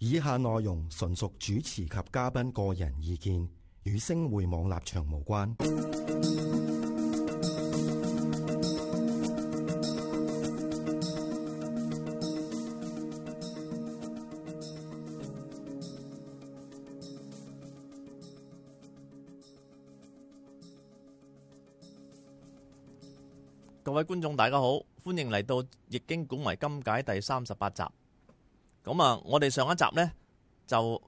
以下內容純屬主持及嘉賓個人意見，與星匯網立場無關。各位觀眾，大家好，歡迎嚟到《易經古謎今解》第三十八集。咁啊，我哋上一集呢，就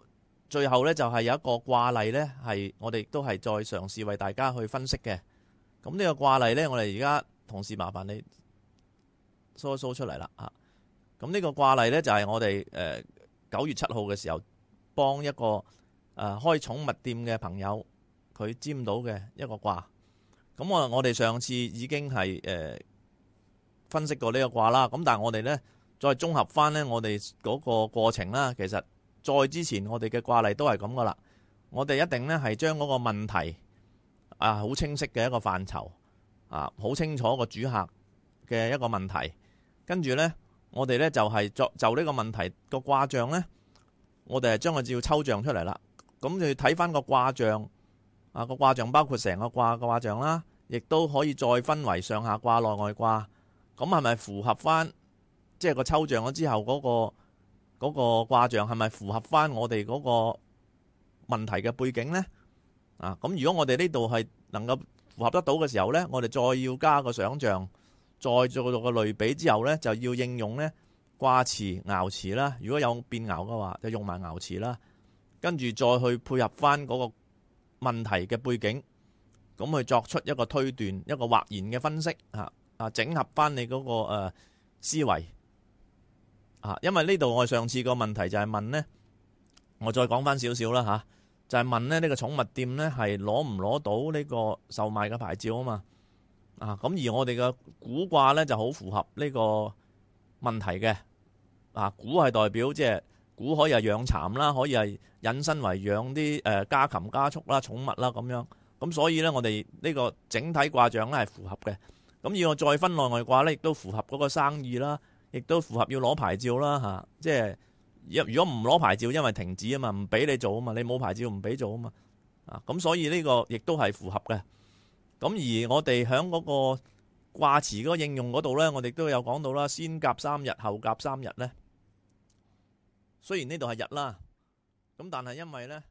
最後呢，就係有一個卦例呢，係我哋都係再嘗試為大家去分析嘅。咁呢個卦例呢，我哋而家同事麻煩你梳一梳出嚟啦啊！咁呢個卦例呢，就係我哋誒九月七號嘅時候幫一個誒開寵物店嘅朋友佢占到嘅一個卦。咁我我哋上次已經係誒分析過呢個卦啦。咁但係我哋呢。再綜合翻呢，我哋嗰個過程啦，其實再之前我哋嘅卦例都係咁噶啦。我哋一定呢係將嗰個問題啊，好清晰嘅一個範疇啊，好清楚個主客嘅一個問題。跟住呢，我哋呢就係、是、作就呢個問題個卦象呢，我哋係將佢照抽象出嚟啦。咁就要睇翻個卦象啊，個卦象包括成個卦個卦象啦，亦都可以再分為上下卦、內外卦。咁係咪符合翻？即係個抽象咗之後，嗰個嗰個卦象係咪符合翻我哋嗰個問題嘅背景呢？啊，咁如果我哋呢度係能夠符合得到嘅時候呢，我哋再要加個想像，再做個類比之後呢，就要應用呢卦辭、爻辭啦。如果有變爻嘅話，就用埋爻辭啦。跟住再去配合翻嗰個問題嘅背景，咁去作出一個推斷、一個畫言嘅分析，嚇啊，整合翻你嗰個誒思維。啊，因為呢度我上次個問題就係問呢。我再講翻少少啦吓，就係問咧呢個寵物店呢係攞唔攞到呢個售賣嘅牌照啊嘛，啊咁而我哋嘅古卦呢就好符合呢個問題嘅，啊古係代表即係古可以係養蠶啦，可以係引申為養啲誒家禽家畜啦、寵物啦咁樣，咁所以呢，我哋呢個整體卦象呢係符合嘅，咁而我再分內外卦呢，亦都符合嗰個生意啦。亦都符合要攞牌照啦，嚇！即係如果唔攞牌照，因為停止啊嘛，唔俾你做啊嘛，你冇牌照唔俾做啊嘛，啊咁所以呢個亦都係符合嘅。咁而我哋喺嗰個卦詞嗰個應用嗰度呢，我哋都有講到啦，先甲三日，後甲三日呢。雖然呢度係日啦，咁但係因為呢。